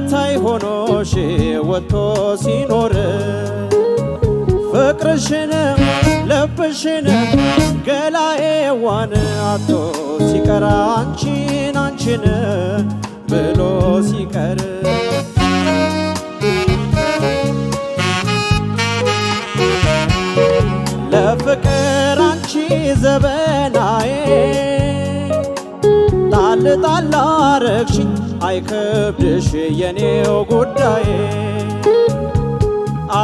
ተከታይ ሽ ወጥቶ ሲኖር ፍቅርሽን ልብሽን ዋን አቶ ሲቀር አንቺን አንቺን ብሎ ሲቀር ለፍቅር አንቺ ዘበናዬ ላልጣላ ረግሽኝ አይከብድሽ የኔው ጉዳይ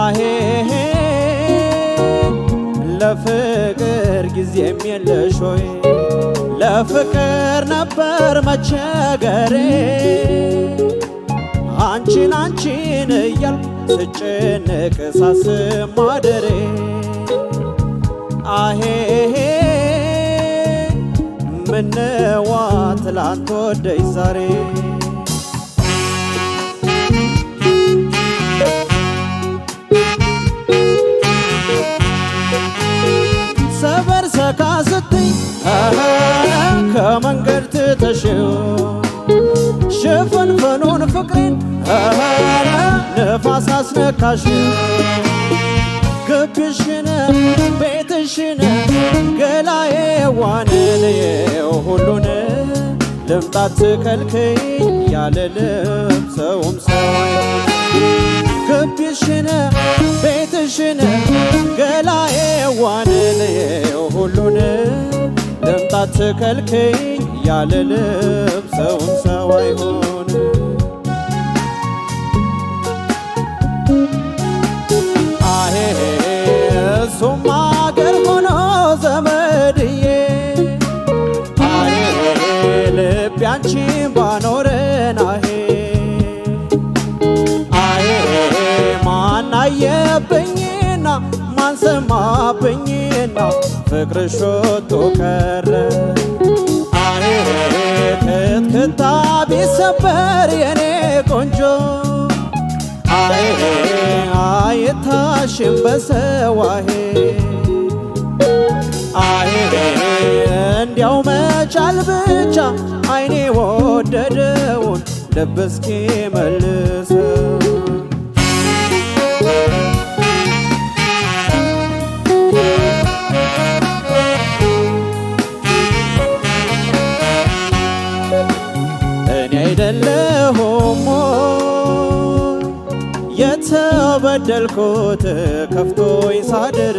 አሄሄ ለፍቅር ጊዜም የለሽ ሆይ ለፍቅር ነበር መቸገሬ አንቺን አንቺን እያል ስጭንቅ ሳስብ አሄሄ ምነዋ ትላንት ወደይ ዛሬ ሰበር ሰካ ስትይ ከመንገድ ትተሽው ሽፍንፍኑን ፍቅሬን ነፋስ አስነካሽ ግብሽነ ቤትሽነ ገላዬ ዋንልዬ ሁሉን ልምጣት ትከልከኝ ያለ ሰውም ሰው ግቢሽነ ቤትሽነ ገላዬ ዋንን ሁሉን ልምጣት ትከልከኝ ያለ ሰውም ሰው አይሆን አሄ ሶማ ማንሰማብኝና ፍቅር ሾቶ ከረ አይትክታ ቢሰበር የኔ ቆንጆ አይ አይታሽም በሰዋሄ አይ እንዲያው መቻል ብቻ አይኔ ወደደውን ልብስኪ መልሰው ሰው በደልኩት ከፍቶኝ ሳድር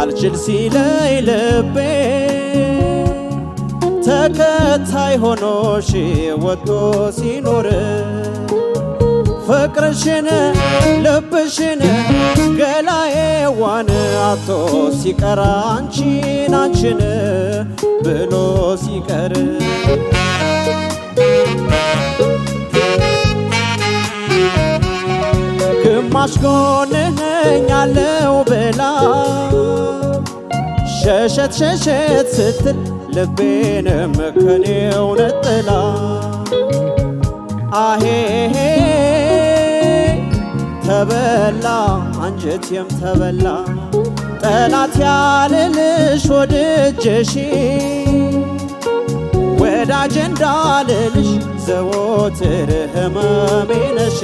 አልችል ሲለይ ልቤ ተከታይ ሆኖሽ ወጥቶ ሲኖር ፍቅርሽን ልብሽን ገላዬ ዋን አቶ ሲቀር አንቺን አንቺን ብሎ ሲቀር ከራስሽ ጎን ብላ ሸሸት ሸሸት ስትል ልቤንም ከኔው ነጥላ አሄሄ ተበላ አንጀቴም ተበላ ጠላት ያልልሽ ወድጀሽ ወዳጅ እንዳልልሽ ዘወትር ህመሜ ነሽ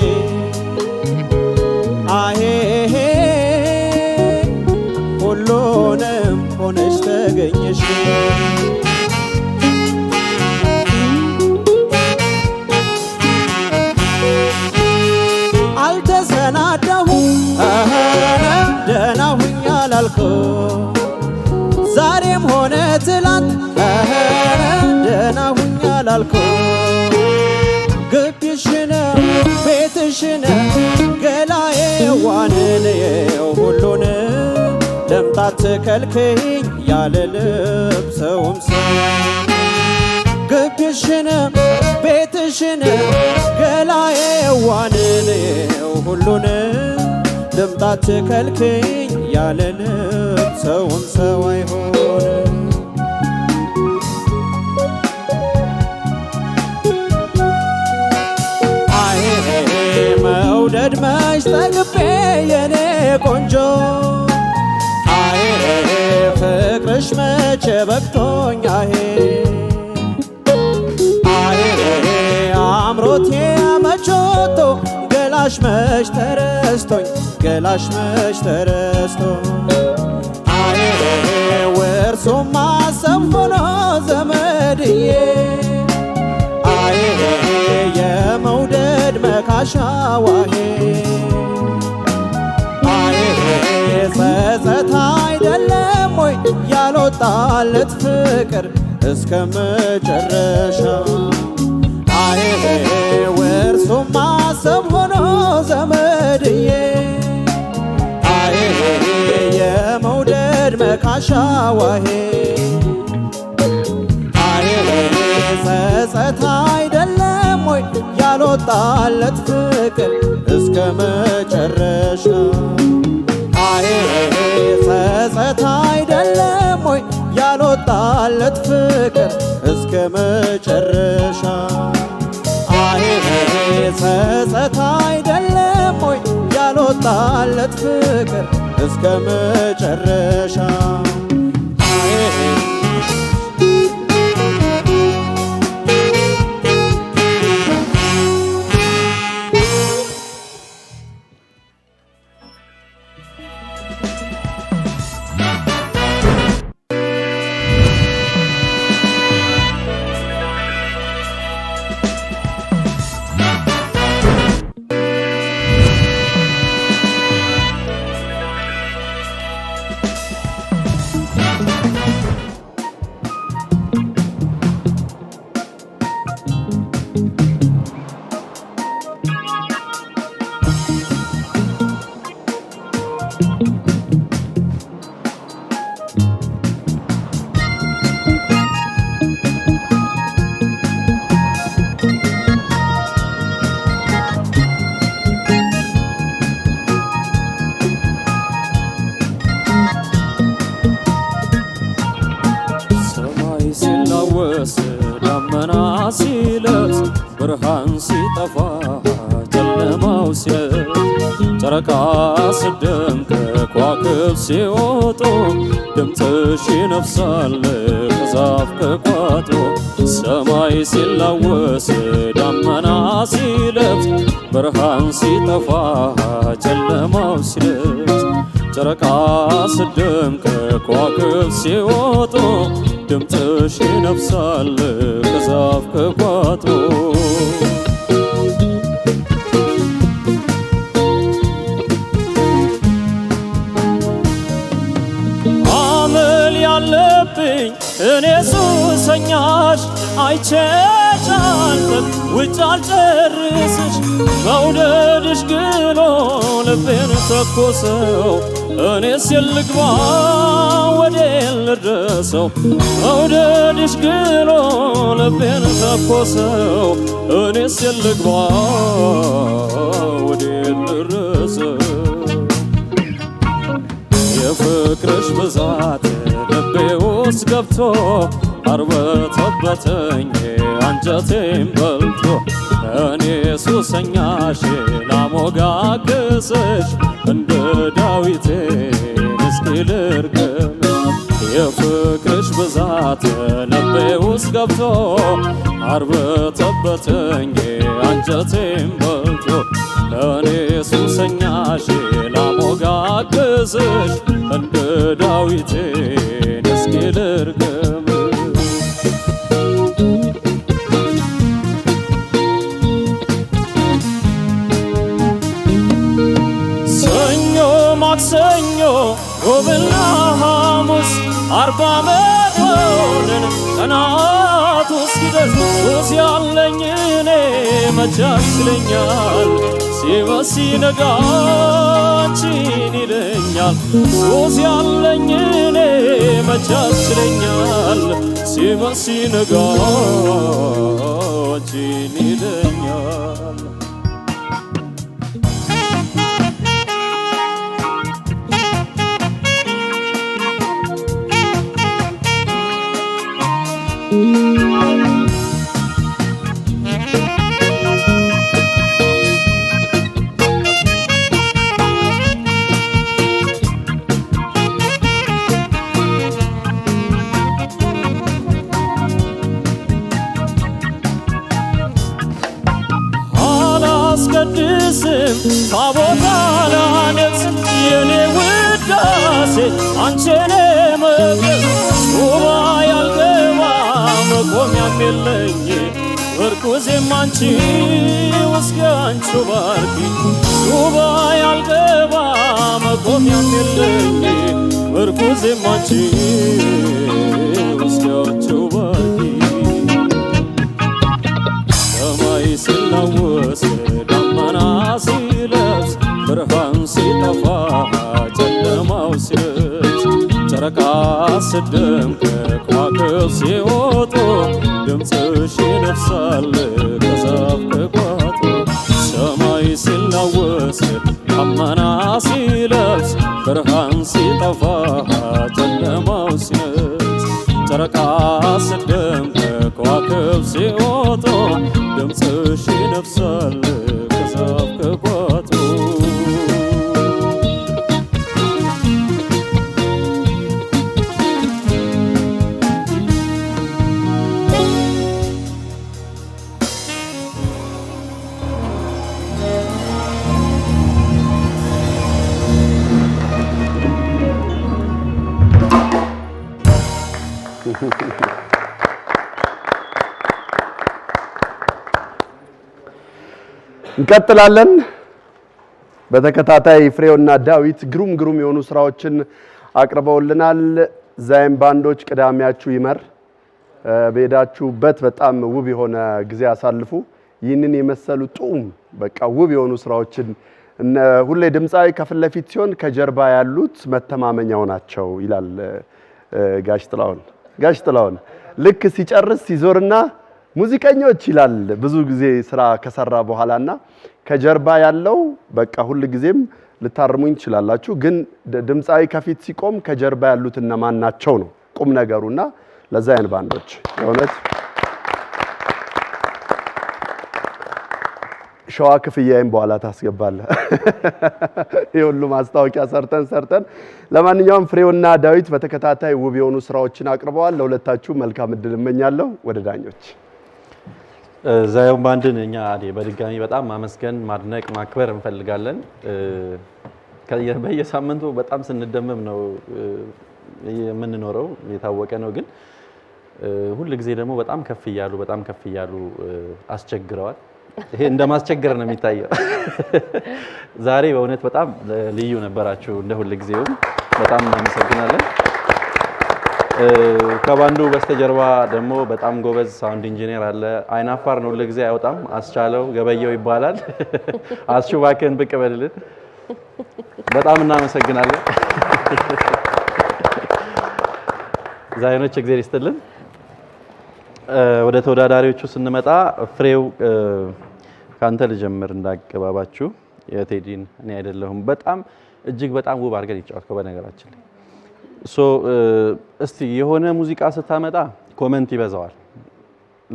አሄሄ ሁሉንም ሆነሽ ተገኘሽ አልተሰናዳሁ ደህና ሁኛል አልከው ዛሬም ሆነ ትላንት ደህና ሁኛል አልከው ግቢሽ ነው ጽዋንን የው ሁሉን ለምጣት ትከልክኝ ያለ ልብሰውም ሰው ግብሽንም ቤትሽንም ገላዬ የዋንን የው ሁሉን ልምጣት ትከልክኝ ያለ ልብሰውም ሰው አይሆን መውደድ ከልቤ የኔ ቆንጆ አይ ፍቅርሽ መቼ በቅቶኛ አይ አምሮቴ አመቾቶ ገላሽ መች ተረስቶኝ ገላሽ መች ተረስቶ አይ ወርሶማ ሰብ ሆኖ ዘመድዬ አይ የመውደድ መካሻዋሄ ጸጸት አይደለም ወይ ያልወጣለት ፍቅር እስከ መጨረሻ አይሄ ወርሶ ማሰብ ሆኖ ዘመድዬ አይሄ የመውደድ መካሻ ዋሄ አይሄ ጸጸት አይደለም ወይ ያልወጣለት ፍቅር እስከ መጨረሻ አይ ጸጸት አይደለም ወይ ያልወጣለት ፍቅር እስከ መጨረሻ አይ ጸጸት አይደለም ወይ ያልወጣለት ፍቅር እስከ መጨረሻ you. ብርሃን ሲጠፋ ጨለማው ሲያይ ጨረቃ ስደምቅ ከዋክብት ሲወጡ ድምፅሽ ይነፍሳል ከዛፍ ከቋጦ ሰማይ ሲላወስ ደመና ሲለብስ ብርሃን ሲጠፋ ጨለማው ሲያይ ጨረቃ ስደምቅ ከዋክብት ሲወጡ ድምፅሽ ይነፍሳል ከዛፍ ከቋጥሮ አመል ያለብኝ እኔ ሱሰኛሽ አይቼሽ አልፍም ውጭ አልጨርስሽ መውደድሽ ግኖ ልቤን ተኮሰው እኔ የልግባ ወደ ልድረሰው መውደድሽ ግሎ ልቤን ተኮሰው እኔስ የልግባ ወደ ልድረሰው የፍቅርሽ ብዛት ልቤ ውስጥ ገብቶ አርበተበተኝ አንጀቴም በልቶ እኔ ሱሰኛሽ ላሞጋግስሽ ዳዊት እስኪ ልርገም የፍቅርሽ ብዛት ልቤ ውስጥ ገብቶ አርበተበተኝ አንጀቴም በልቶ እኔ ሱሰኛሽ ላሞጋግዝሽ እንደ ዳዊቴን እስኪ ልርገም ውብና ሐሙስ አርባ ዓመት ሆነን ቀናት እስኪደርስ ሱስ ያለኝ እኔ መቼ ያስለኛል ሲመስ ሲነጋ አንቺን ይለኛል ሱስ ያለኝ እኔ መቼ ያስለኛል ሲመስ ሲነጋ አንቺን ይለኛል ታቦታ የኔ ውዳሴ አንቸኔ መቅደስ ውባ ያልገባ መቆሚያም የለኝ ወርቁዜም አንቺው እስከ አንቺው ባርኪ ውባ ያልገባ መቆሚያም የለኝ ወርቁዜም አንቺው እስከ አንቺው ባርኪ ሰማይ ሲላወስ ብርሃን ሲጠፋ ጨለማው ሲበዝ ጨረቃ ስደምቅ ከዋክብት ሲወጡ ድምፅሽ ይነፍሳል ከዛፍ ከቁጥቋጦ ሰማይ ሲላወስ ደመና ሲለብስ ብርሃን ሲጠፋ ጨለማው ሲበዝ ጨረቃ ስደምቅ ከዋክብት ሲወጡ ድምፅሽ ይነፍሳል እንቀጥላለን። በተከታታይ ፍሬውና ዳዊት ግሩም ግሩም የሆኑ ስራዎችን አቅርበውልናል። ዛይም ባንዶች ቅዳሜያችሁ ይመር። በሄዳችሁበት በጣም ውብ የሆነ ጊዜ አሳልፉ። ይህንን የመሰሉ ጡም በቃ ውብ የሆኑ ስራዎችን ሁሌ ድምፃዊ ከፊት ለፊት ሲሆን ከጀርባ ያሉት መተማመኛው ናቸው ይላል ጋሽ ጥላውን። ጋሽ ጥላውን ልክ ሲጨርስ ሲዞርና ሙዚቀኞች ይላል። ብዙ ጊዜ ስራ ከሰራ በኋላና ከጀርባ ያለው በቃ ሁል ጊዜም ልታርሙኝ ትችላላችሁ፣ ግን ድምፃዊ ከፊት ሲቆም ከጀርባ ያሉት እነማን ናቸው ነው ቁም ነገሩና ለዛ ያንባንዶች የእውነት ሸዋ ክፍያይም በኋላ ታስገባለህ። ይህ ሁሉ ማስታወቂያ ሰርተን ሰርተን። ለማንኛውም ፍሬውና ዳዊት በተከታታይ ውብ የሆኑ ስራዎችን አቅርበዋል። ለሁለታችሁ መልካም እድል እመኛለሁ። ወደ ዳኞች ዛየው ባንድን እኛ በድጋሚ በጣም ማመስገን፣ ማድነቅ፣ ማክበር እንፈልጋለን። በየሳምንቱ በጣም ስንደመም ነው የምንኖረው፣ የታወቀ ነው። ግን ሁል ጊዜ ደግሞ በጣም ከፍ እያሉ በጣም ከፍ እያሉ አስቸግረዋል። ይሄ እንደ ማስቸገር ነው የሚታየው። ዛሬ በእውነት በጣም ልዩ ነበራችሁ፣ እንደ ሁል ጊዜውም በጣም እናመሰግናለን። ከባንዱ በስተጀርባ ደግሞ በጣም ጎበዝ ሳውንድ ኢንጂነር አለ። አይናፋር ነው፣ ሁል ጊዜ አይወጣም። አስቻለው ገበየው ይባላል። አስሹባክን ብቅ በልልን። በጣም እናመሰግናለን። ዛይኖች እግዜር ይስጥልን። ወደ ተወዳዳሪዎቹ ስንመጣ ፍሬው ካንተ ልጀምር። እንዳገባባችሁ የቴዲን እኔ አይደለሁም በጣም እጅግ በጣም ውብ አድርገን ይጫወትከው። በነገራችን ላይ ሶ እስቲ የሆነ ሙዚቃ ስታመጣ ኮመንት ይበዛዋል፣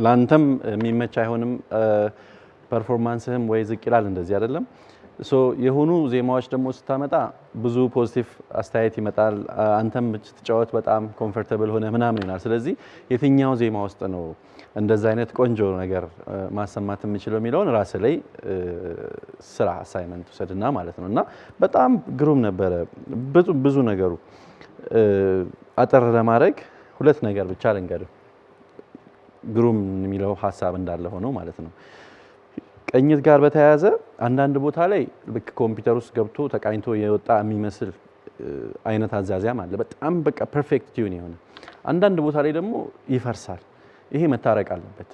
ላንተም የሚመች አይሆንም፣ ፐርፎርማንስህም ወይ ዝቅ ይላል። እንደዚህ አይደለም የሆኑ ዜማዎች ደግሞ ስታመጣ ብዙ ፖዚቲቭ አስተያየት ይመጣል። አንተም ስትጫወት በጣም ኮምፈርተብል ሆነ ምናምን ይሆናል። ስለዚህ የትኛው ዜማ ውስጥ ነው እንደዛ አይነት ቆንጆ ነገር ማሰማት የምችለው የሚለውን ራስ ላይ ስራ አሳይመንት ውሰድና ማለት ነው። እና በጣም ግሩም ነበረ ብዙ ነገሩ። አጠር ለማድረግ ሁለት ነገር ብቻ ልንገርም ግሩም የሚለው ሀሳብ እንዳለ ሆኖ ማለት ነው። ቅኝት ጋር በተያያዘ አንዳንድ ቦታ ላይ ልክ ኮምፒውተር ውስጥ ገብቶ ተቃኝቶ የወጣ የሚመስል አይነት አዛዚያም አለ። በጣም በቃ ፐርፌክት ቲዩን የሆነ አንዳንድ ቦታ ላይ ደግሞ ይፈርሳል። ይሄ መታረቅ አለበት።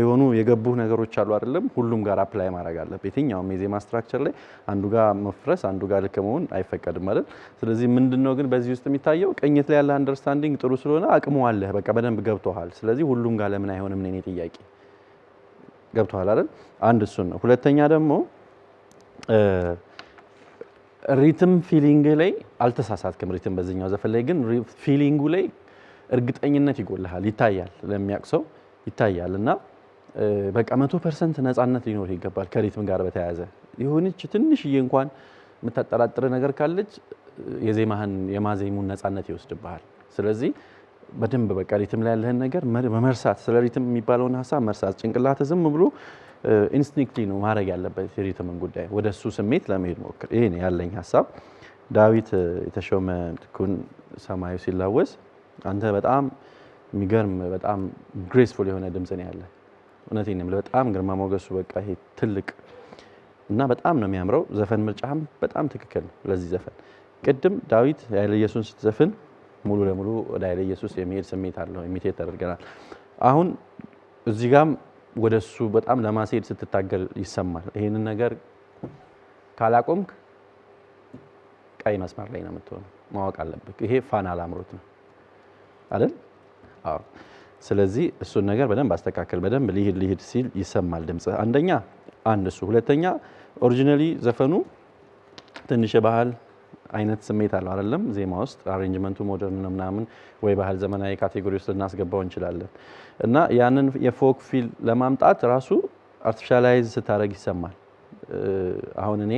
የሆኑ የገቡ ነገሮች አሉ አይደለም፣ ሁሉም ጋር አፕላይ ማድረግ አለበት። የትኛውም የዜማ ስትራክቸር ላይ አንዱ ጋር መፍረስ፣ አንዱ ጋር ልክ መሆን አይፈቀድም አይደል? ስለዚህ ምንድን ነው ግን በዚህ ውስጥ የሚታየው ቅኝት ላይ ያለ አንደርስታንዲንግ ጥሩ ስለሆነ አቅሙ አለህ፣ በቃ በደንብ ገብቶሃል። ስለዚህ ሁሉም ጋር ለምን አይሆንም ነው የኔ ጥያቄ። ገብተዋል አይደል? አንድ እሱን ነው። ሁለተኛ ደግሞ ሪትም ፊሊንግ ላይ አልተሳሳትክም። ሪትም በዚህኛው ዘፈን ላይ ግን ፊሊንጉ ላይ እርግጠኝነት ይጎልሃል፣ ይታያል፣ ለሚያውቅ ሰው ይታያል። እና በቃ መቶ ፐርሰንት ነፃነት ሊኖር ይገባል። ከሪትም ጋር በተያያዘ የሆነች ትንሽዬ እንኳን የምታጠራጥር ነገር ካለች የዜማህን የማዜሙን ነፃነት ይወስድብሃል። ስለዚህ በደንብ በቃ ሪትም ላይ ያለህን ነገር መመርሳት፣ ስለ ሪትም የሚባለውን ሀሳብ መርሳት። ጭንቅላት ዝም ብሎ ኢንስቲንክትሊ ነው ማድረግ ያለበት የሪትምን ጉዳይ። ወደ እሱ ስሜት ለመሄድ ሞክር። ይሄ ያለኝ ሀሳብ። ዳዊት የተሾመ ምትኩን ሰማዩ ሲላወስ አንተ በጣም የሚገርም በጣም ግሬስፉል የሆነ ድምፅ ነው ያለ። እውነቴን ነው የምልህ። በጣም ግርማ ሞገሱ በቃ ይሄ ትልቅ እና በጣም ነው የሚያምረው። ዘፈን ምርጫህም በጣም ትክክል ነው ለዚህ ዘፈን። ቅድም ዳዊት ያለየሱን ስትዘፍን ሙሉ ለሙሉ ወደ ኃይለ ኢየሱስ የሚሄድ ስሜት አለው። ኢሚቴት ተደርገናል። አሁን እዚህ ጋም ወደ እሱ በጣም ለማስሄድ ስትታገል ይሰማል። ይህንን ነገር ካላቆምክ ቀይ መስመር ላይ ነው የምትሆነው። ማወቅ አለብህ። ይሄ ፋና ላምሮት ነው አይደል? አዎ። ስለዚህ እሱን ነገር በደንብ አስተካከል። በደንብ ልሂድ ልሂድ ሲል ይሰማል ድምፅ። አንደኛ አንድ እሱ፣ ሁለተኛ ኦሪጂናሊ ዘፈኑ ትንሽ ባህል አይነት ስሜት አለው አይደለም? ዜማ ውስጥ አሬንጅመንቱ ሞደርን ነው ምናምን ወይ ባህል ዘመናዊ ካቴጎሪ ውስጥ ልናስገባው እንችላለን። እና ያንን የፎክ ፊል ለማምጣት ራሱ አርቲፊሻላይዝ ስታደረግ ይሰማል። አሁን እኔ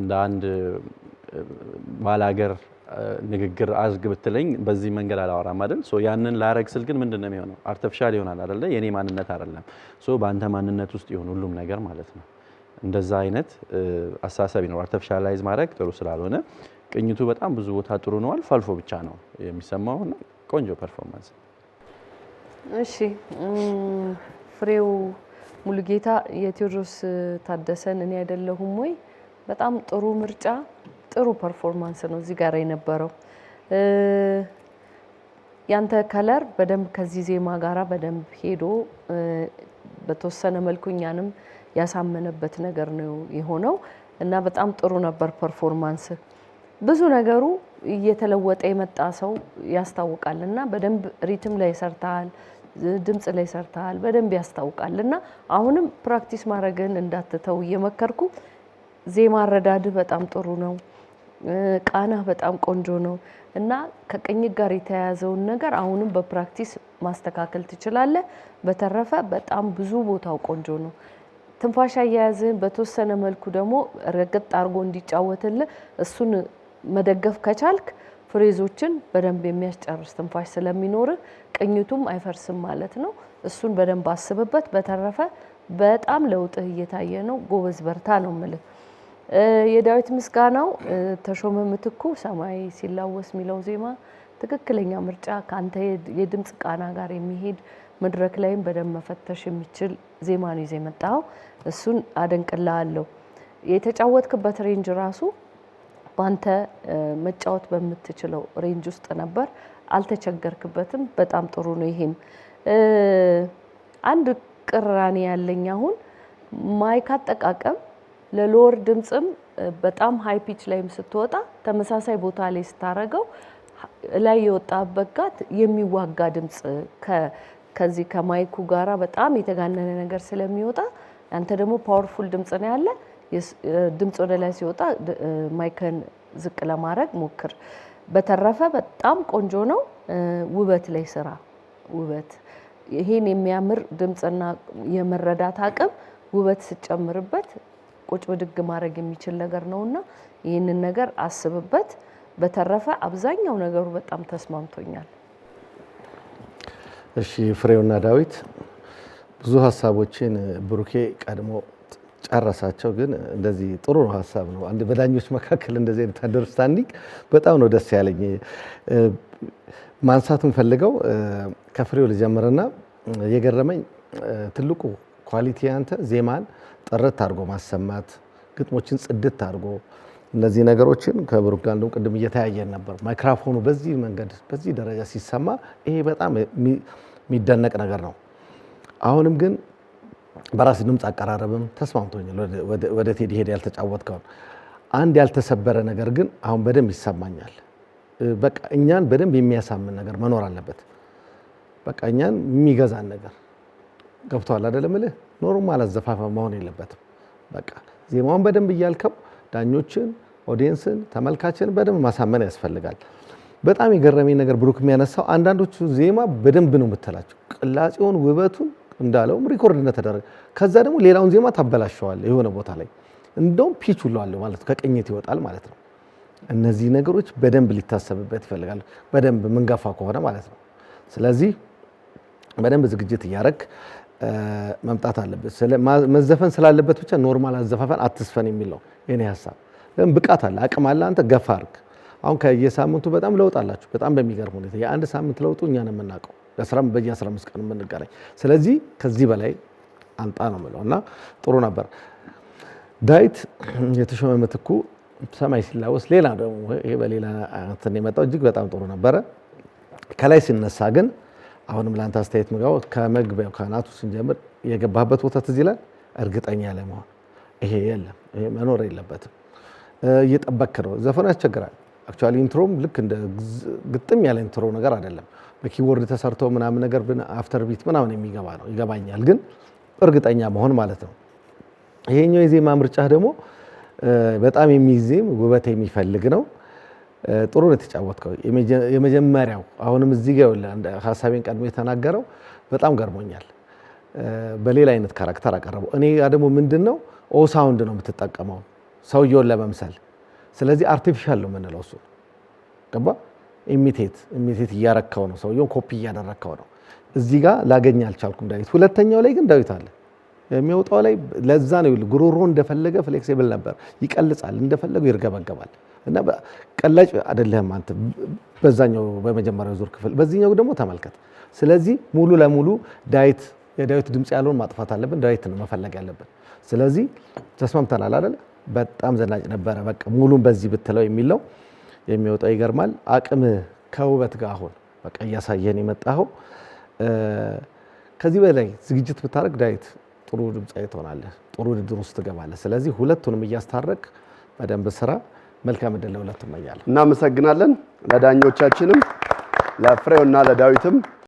እንደ አንድ ባላገር ንግግር አዝግ ብትለኝ በዚህ መንገድ አላወራም አይደል? ያንን ላረግ ስል ግን ምንድን ነው የሚሆነው? አርቲፊሻል ይሆናል አይደለ? የእኔ ማንነት አይደለም። በአንተ ማንነት ውስጥ ይሆን ሁሉም ነገር ማለት ነው። እንደዛ አይነት አስተሳሰብ ነው አርተፊሻላይዝ ማድረግ ጥሩ ስላልሆነ ቅኝቱ በጣም ብዙ ቦታ ጥሩ ነው፣ አልፎ አልፎ ብቻ ነው የሚሰማው። ቆንጆ ፐርፎርማንስ። እሺ ፍሬው ሙሉጌታ የቴዎድሮስ ታደሰን እኔ አይደለሁም ወይ በጣም ጥሩ ምርጫ፣ ጥሩ ፐርፎርማንስ ነው እዚህ ጋር የነበረው። ያንተ ከለር በደንብ ከዚህ ዜማ ጋራ በደንብ ሄዶ በተወሰነ መልኩ እኛንም ያሳመነበት ነገር ነው የሆነው እና በጣም ጥሩ ነበር ፐርፎርማንስ። ብዙ ነገሩ እየተለወጠ የመጣ ሰው ያስታውቃል እና በደንብ ሪትም ላይ ሰርተሃል፣ ድምፅ ላይ ሰርተሃል፣ በደንብ ያስታውቃል እና አሁንም ፕራክቲስ ማድረግን እንዳትተው እየመከርኩ ዜማ አረዳድህ በጣም ጥሩ ነው፣ ቃና በጣም ቆንጆ ነው እና ከቅኝት ጋር የተያያዘውን ነገር አሁንም በፕራክቲስ ማስተካከል ትችላለህ። በተረፈ በጣም ብዙ ቦታው ቆንጆ ነው። ትንፋሽ አያያዝህን በተወሰነ መልኩ ደግሞ ረገጥ አድርጎ እንዲጫወትልህ እሱን መደገፍ ከቻልክ ፍሬዞችን በደንብ የሚያስጨርስ ትንፋሽ ስለሚኖርህ ቅኝቱም አይፈርስም ማለት ነው። እሱን በደንብ አስብበት። በተረፈ በጣም ለውጥህ እየታየ ነው። ጎበዝ፣ በርታ ነው የምልህ። የዳዊት ምስጋናው ተሾመ ምትኩ ሰማይ ሲላወስ የሚለው ዜማ ትክክለኛ ምርጫ ከአንተ የድምፅ ቃና ጋር የሚሄድ መድረክ ላይም በደንብ መፈተሽ የሚችል ዜማ ነው ይዘህ የመጣው። እሱን አደንቅልሃለሁ። የተጫወትክበት ሬንጅ ራሱ በአንተ መጫወት በምትችለው ሬንጅ ውስጥ ነበር፣ አልተቸገርክበትም። በጣም ጥሩ ነው። ይሄም አንድ ቅራኔ ያለኝ አሁን ማይክ አጠቃቀም ለሎወር ድምፅም በጣም ሃይ ፒች ላይም ስትወጣ ተመሳሳይ ቦታ ላይ ስታረገው ላይ የወጣበት ጋት የሚዋጋ ድምፅ ከዚህ ከማይኩ ጋራ በጣም የተጋነነ ነገር ስለሚወጣ አንተ ደግሞ ፓወርፉል ድምፅ ነው ያለ ድምፅ ወደ ላይ ሲወጣ ማይክን ዝቅ ለማድረግ ሞክር። በተረፈ በጣም ቆንጆ ነው። ውበት ላይ ስራ ውበት ይሄን የሚያምር ድምፅና የመረዳት አቅም ውበት ስጨምርበት ቁጭ ብድግ ማድረግ የሚችል ነገር ነውና ይህንን ነገር አስብበት። በተረፈ አብዛኛው ነገሩ በጣም ተስማምቶኛል። እሺ ፍሬውና ዳዊት ብዙ ሀሳቦችን ብሩኬ ቀድሞ ጨረሳቸው። ግን እንደዚህ ጥሩ ነው ሀሳብ ነው። አንድ በዳኞች መካከል እንደዚህ አይነት አንደርስታንዲንግ በጣም ነው ደስ ያለኝ። ማንሳት ምፈልገው ከፍሬው ልጀምርና የገረመኝ ትልቁ ኳሊቲ አንተ ዜማን ጥርት አድርጎ ማሰማት፣ ግጥሞችን ጽድት አድርጎ እነዚህ ነገሮችን ከብሩክ ጋር እንደውም ቅድም እየተያየን ነበር። ማይክራፎኑ በዚህ መንገድ በዚህ ደረጃ ሲሰማ ይሄ በጣም የሚደነቅ ነገር ነው። አሁንም ግን በራሴ ድምፅ አቀራረብም ተስማምቶኛል። ወደ ቴዲ ሄደ ያልተጫወትከውን አንድ ያልተሰበረ ነገር ግን አሁን በደንብ ይሰማኛል። በቃ እኛን በደንብ የሚያሳምን ነገር መኖር አለበት። በቃ እኛን የሚገዛን ነገር ገብተዋል አይደለም? እልህ ኖሩም አላዘፋፈ መሆን የለበትም። በቃ ዜማውን በደንብ እያልከው ዳኞችን፣ ኦዲየንስን፣ ተመልካችን በደንብ ማሳመን ያስፈልጋል። በጣም የገረመኝ ነገር ብሩክ የሚያነሳው አንዳንዶቹ ዜማ በደንብ ነው የምትላቸው ቅላጼውን፣ ውበቱን እንዳለውም ሪኮርድ እንደተደረገ ከዛ ደግሞ ሌላውን ዜማ ታበላሸዋል የሆነ ቦታ ላይ እንደውም ፒች ሁለዋለሁ ማለት ከቅኝት ይወጣል ማለት ነው። እነዚህ ነገሮች በደንብ ሊታሰብበት ይፈልጋል፣ በደንብ ምንገፋ ከሆነ ማለት ነው። ስለዚህ በደንብ ዝግጅት እያረግ መምጣት አለበት። መዘፈን ስላለበት ብቻ ኖርማል አዘፋፈን አትስፈን የሚል ነው የኔ ሀሳብ። ግን ብቃት አለ፣ አቅም አለ። አንተ ገፋ አድርግ። አሁን ከየሳምንቱ በጣም ለውጥ አላችሁ። በጣም በሚገርም ሁኔታ የአንድ ሳምንት ለውጡ እኛ ነው የምናውቀው፣ በየአስራ አምስት ቀን የምንገናኝ። ስለዚህ ከዚህ በላይ አንጣ ነው የምለው እና ጥሩ ነበር። ዳዊት የተሾመ ምትኩ ሰማይ ሲላወስ ሌላ ደግሞ ይሄ በሌላ እንትን የመጣው እጅግ በጣም ጥሩ ነበረ። ከላይ ሲነሳ ግን አሁንም ለአንተ አስተያየት ምጋው ከመግቢያው ከአናቱ ስንጀምር የገባህበት ቦታ ትዝ ይላል። እርግጠኛ ለመሆን ይሄ የለም ይሄ መኖር የለበትም እየጠበክ ነው። ዘፈኑ ያስቸግራል። አክቹዋሊ ኢንትሮም ልክ እንደ ግጥም ያለ ኢንትሮ ነገር አይደለም። በኪቦርድ ተሰርቶ ምናምን ነገር አፍተር ቢት ምናምን የሚገባ ነው ይገባኛል፣ ግን እርግጠኛ መሆን ማለት ነው። ይሄኛው የዜማ ምርጫ ደግሞ በጣም የሚዜም ውበት የሚፈልግ ነው። ጥሩ ነው የተጫወትከው። የመጀመሪያው አሁንም እዚህ ጋር ሀሳቤን ቀድሞ የተናገረው በጣም ገርሞኛል። በሌላ አይነት ካራክተር አቀረበው። እኔ ደግሞ ምንድን ነው ኦ ሳውንድ ነው የምትጠቀመው ሰውየውን ለመምሰል። ስለዚህ አርቲፊሻል ነው የምንለው እሱ ገባ። ኢሚቴት ኢሚቴት እያረከው ነው ሰውየውን ኮፒ እያደረከው ነው። እዚህ ጋር ላገኝ አልቻልኩም ዳዊት። ሁለተኛው ላይ ግን ዳዊት አለ የሚወጣው ላይ ለዛ ነው ጉሮሮ እንደፈለገ ፍሌክሲብል ነበር። ይቀልጻል፣ እንደፈለገው ይርገበገባል እና ቀላጭ አይደለም አንተ በዛኛው በመጀመሪያው ዙር ክፍል፣ በዚህኛው ደግሞ ተመልከት። ስለዚህ ሙሉ ለሙሉ ዳዊት የዳዊት ድምፅ ያለውን ማጥፋት አለብን። ዳዊት ነው መፈለግ ያለብን። ስለዚህ ተስማምተናል አይደል? በጣም ዘናጭ ነበረ። በቃ ሙሉን በዚህ ብትለው የሚለው የሚወጣው ይገርማል። አቅም ከውበት ጋር አሁን በቃ እያሳየን የመጣኸው ከዚህ በላይ ዝግጅት ብታደርግ ዳዊት ጥሩ ድምፃዊ ትሆናለህ፣ ጥሩ ውድድር ውስጥ ትገባለህ። ስለዚህ ሁለቱንም እያስታረቅ በደንብ ስራ። መልካም እድል ለሁለቱም እመኛለሁ። እናመሰግናለን ለዳኞቻችንም ለፍሬውና ለዳዊትም